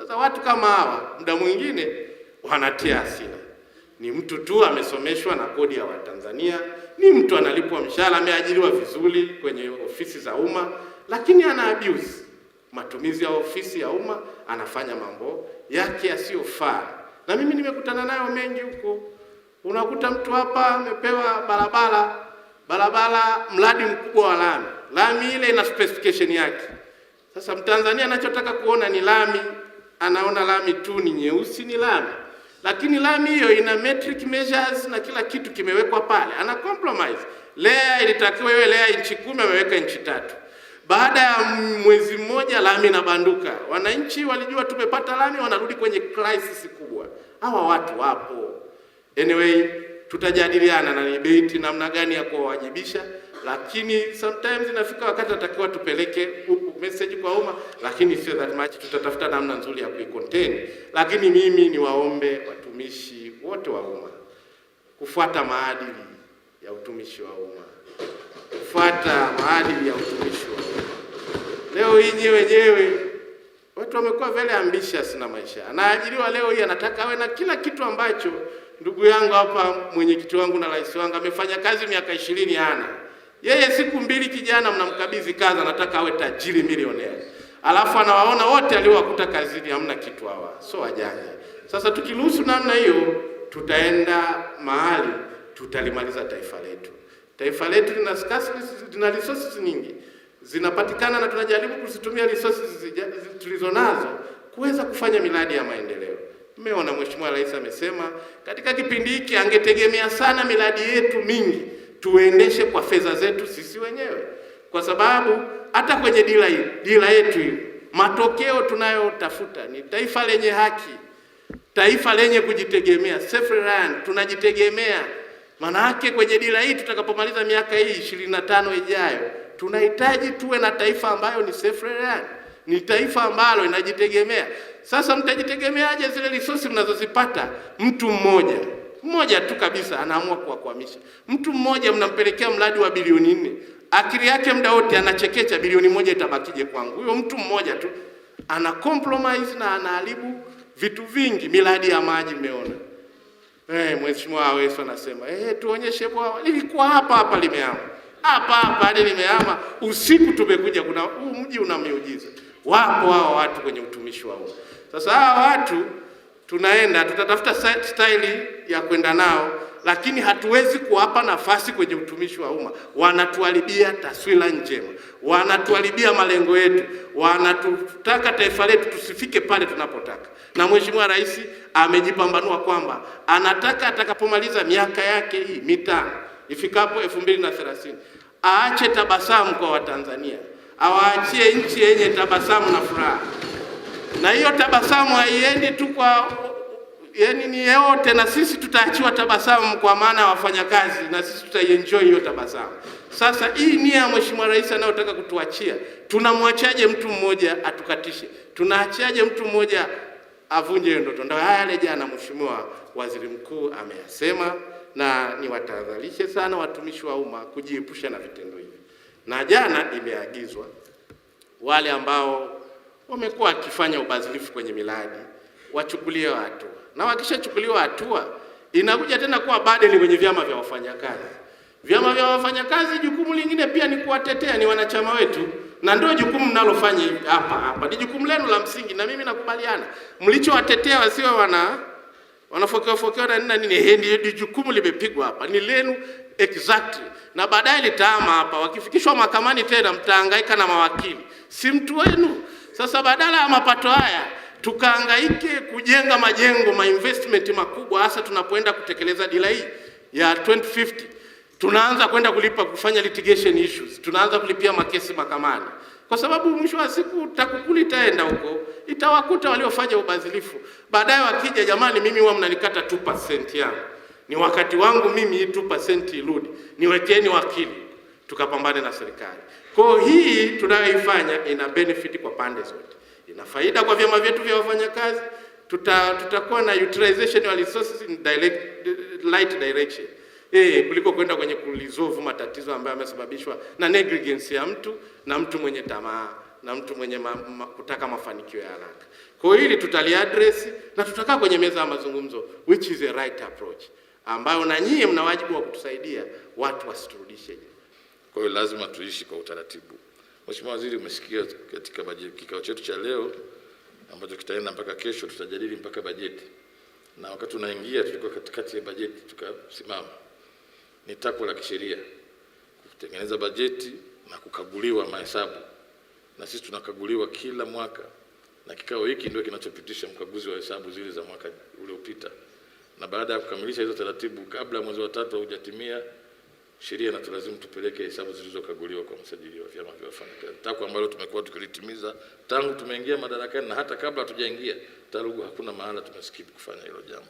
Sasa watu kama hawa muda mwingine wanatia hasira. Ni mtu tu amesomeshwa na kodi ya Watanzania, ni mtu analipwa mshahara, ameajiriwa vizuri kwenye ofisi za umma, lakini ana abuse matumizi ya ofisi ya umma, anafanya mambo yake yasiyofaa. Na mimi nimekutana nayo mengi huko. Unakuta mtu hapa amepewa barabara barabara, mradi mkubwa wa lami, lami ile ina specification yake. Sasa mtanzania anachotaka kuona ni lami anaona lami tu ni nyeusi, ni lami, lakini lami hiyo ina metric measures na kila kitu kimewekwa pale, ana compromise. Lea ilitakiwa iwe lea inchi kumi, ameweka inchi tatu. Baada ya mwezi mmoja lami inabanduka, wananchi walijua tumepata lami, wanarudi kwenye crisis kubwa. Hawa watu wapo. Anyway, tutajadiliana na nibeti namna gani ya kuwawajibisha lakini sometimes inafika wakati natakiwa tupeleke huku message kwa umma, lakini sio that much. Tutatafuta namna nzuri ya kuicontain, lakini mimi niwaombe watumishi wote wa umma kufuata maadili ya utumishi wa umma, kufuata maadili ya utumishi wa umma. Leo hii wenyewe watu wamekuwa very ambitious na maisha. Anaajiriwa leo hii anataka awe na kila kitu ambacho ndugu yangu hapa mwenyekiti wangu na rais wangu amefanya kazi miaka ishirini ana yeye siku mbili kijana mnamkabidhi kazi, anataka awe tajiri milionea, alafu anawaona wote aliowakuta kazini hamna kitu. Hawa so wajanja. Sasa tukiruhusu namna hiyo, tutaenda mahali tutalimaliza taifa letu. Taifa letu lina scarcity, lina resources nyingi zinapatikana, na tunajaribu kuzitumia resources tulizonazo kuweza kufanya miradi ya maendeleo. Mmeona Mheshimiwa Rais amesema katika kipindi hiki angetegemea sana miradi yetu mingi tuendeshe kwa fedha zetu sisi wenyewe, kwa sababu hata kwenye dira hii dira yetu hii matokeo tunayotafuta ni taifa lenye haki, taifa lenye kujitegemea, self reliant, tunajitegemea. Maana yake kwenye dira hii tutakapomaliza miaka hii ishirini na tano ijayo tunahitaji tuwe na taifa ambayo ni self reliant, ni taifa ambalo inajitegemea. Sasa mtajitegemeaje zile resources mnazozipata mtu mmoja mmoja tu kabisa anaamua kuwakwamisha. Mtu mmoja mnampelekea mradi wa bilioni nne, akili yake muda wote anachekecha, bilioni moja itabakije kwangu? Huyo mtu mmoja tu ana compromise na anaharibu vitu vingi. Miradi ya maji mmeona, eh, mheshimiwa Aweso anasema eh, tuonyeshe bwawa lilikuwa hapa hapa limeama hapa hapa ile limeama, usiku tumekuja, kuna huu mji una miujiza. Wapo hao watu kwenye utumishi wa Sasa hao watu tunaenda tutatafuta staili ya kwenda nao, lakini hatuwezi kuwapa nafasi kwenye utumishi wa umma. Wanatuharibia taswira njema, wanatuharibia malengo yetu, wanatutaka taifa letu tusifike pale tunapotaka. Na Mheshimiwa Rais amejipambanua kwamba anataka atakapomaliza miaka yake hii mitano ifikapo elfu mbili na thelathini aache tabasamu kwa Watanzania, awaachie nchi yenye tabasamu na furaha na hiyo tabasamu haiendi tu kwa yani, ni yote, na sisi tutaachiwa tabasamu kwa maana ya wafanyakazi, na sisi tutaienjoy hiyo tabasamu. Sasa hii nia ya Mheshimiwa Rais anayotaka kutuachia, tunamwachaje mtu mmoja atukatishe? Tunaachaje mtu mmoja avunje hiyo ndoto? Ndio yale jana Mheshimiwa Waziri Mkuu ameyasema, na niwatahadharishe sana watumishi wa umma kujiepusha na vitendo hivi, na jana imeagizwa wale ambao wamekuwa wakifanya ubadhilifu kwenye miradi, wachukuliwe hatua, na wakishachukuliwa hatua inakuja tena kuwa badeli kwenye vyama vya wafanyakazi. Vyama vya wafanyakazi jukumu lingine pia ni kuwatetea, ni wanachama wetu, na ndio jukumu mnalofanya hapa hapa, ni jukumu lenu la msingi, na mimi nakubaliana mlichowatetea wasiwe wana wanafokewa fokewa na nini na nini. Ehe, ndio jukumu limepigwa hapa, ni lenu exactly, na baadaye litaama hapa. Wakifikishwa mahakamani tena mtahangaika na mawakili, si mtu wenu. Sasa badala ya mapato haya tukaangaike kujenga majengo ma investment makubwa, hasa tunapoenda kutekeleza dira hii ya 2050 tunaanza kwenda kulipa kufanya litigation issues, tunaanza kulipia makesi mahakamani, kwa sababu mwisho wa siku TAKUKURU itaenda huko, itawakuta waliofanya ubadhilifu. Baadaye wakija, jamani, mimi huwa mnanikata 2% yangu, ni wakati wangu mimi 2% irudi, niwekeni wakili tukapambane na serikali. Kwa hii tunayoifanya ina benefit kwa pande zote, ina faida kwa vyama vyetu vya wafanyakazi, tuta tutakuwa na utilization of resources in direct, light direction e, kuliko kwenda kwenye kulizovu matatizo ambayo yamesababishwa na negligence ya mtu na mtu mwenye tamaa na mtu mwenye ma, ma, kutaka mafanikio ya haraka. Kwa hili hili address na tutakaa kwenye meza ya mazungumzo which is the right approach ambayo na nyie mna wajibu wa kutusaidia watu wasiturudishe kwa hiyo lazima tuishi kwa utaratibu. Mheshimiwa Waziri, umesikia katika kikao chetu cha leo ambacho kitaenda mpaka kesho, tutajadili mpaka bajeti, na wakati unaingia tulikuwa katikati ya bajeti tukasimama. Ni takwa la kisheria kutengeneza bajeti na kukaguliwa mahesabu, na sisi tunakaguliwa kila mwaka, na kikao hiki ndio kinachopitisha mkaguzi wa hesabu zile za mwaka uliopita, na baada ya kukamilisha hizo taratibu, kabla mwezi wa tatu haujatimia sheria inatulazimu tupeleke hesabu zilizokaguliwa kwa msajili wa vyama vya wafanyakazi, takwa ambalo tumekuwa tukilitimiza tangu tumeingia madarakani na hata kabla hatujaingia TARUGU. Hakuna mahala tumeskip kufanya hilo jambo.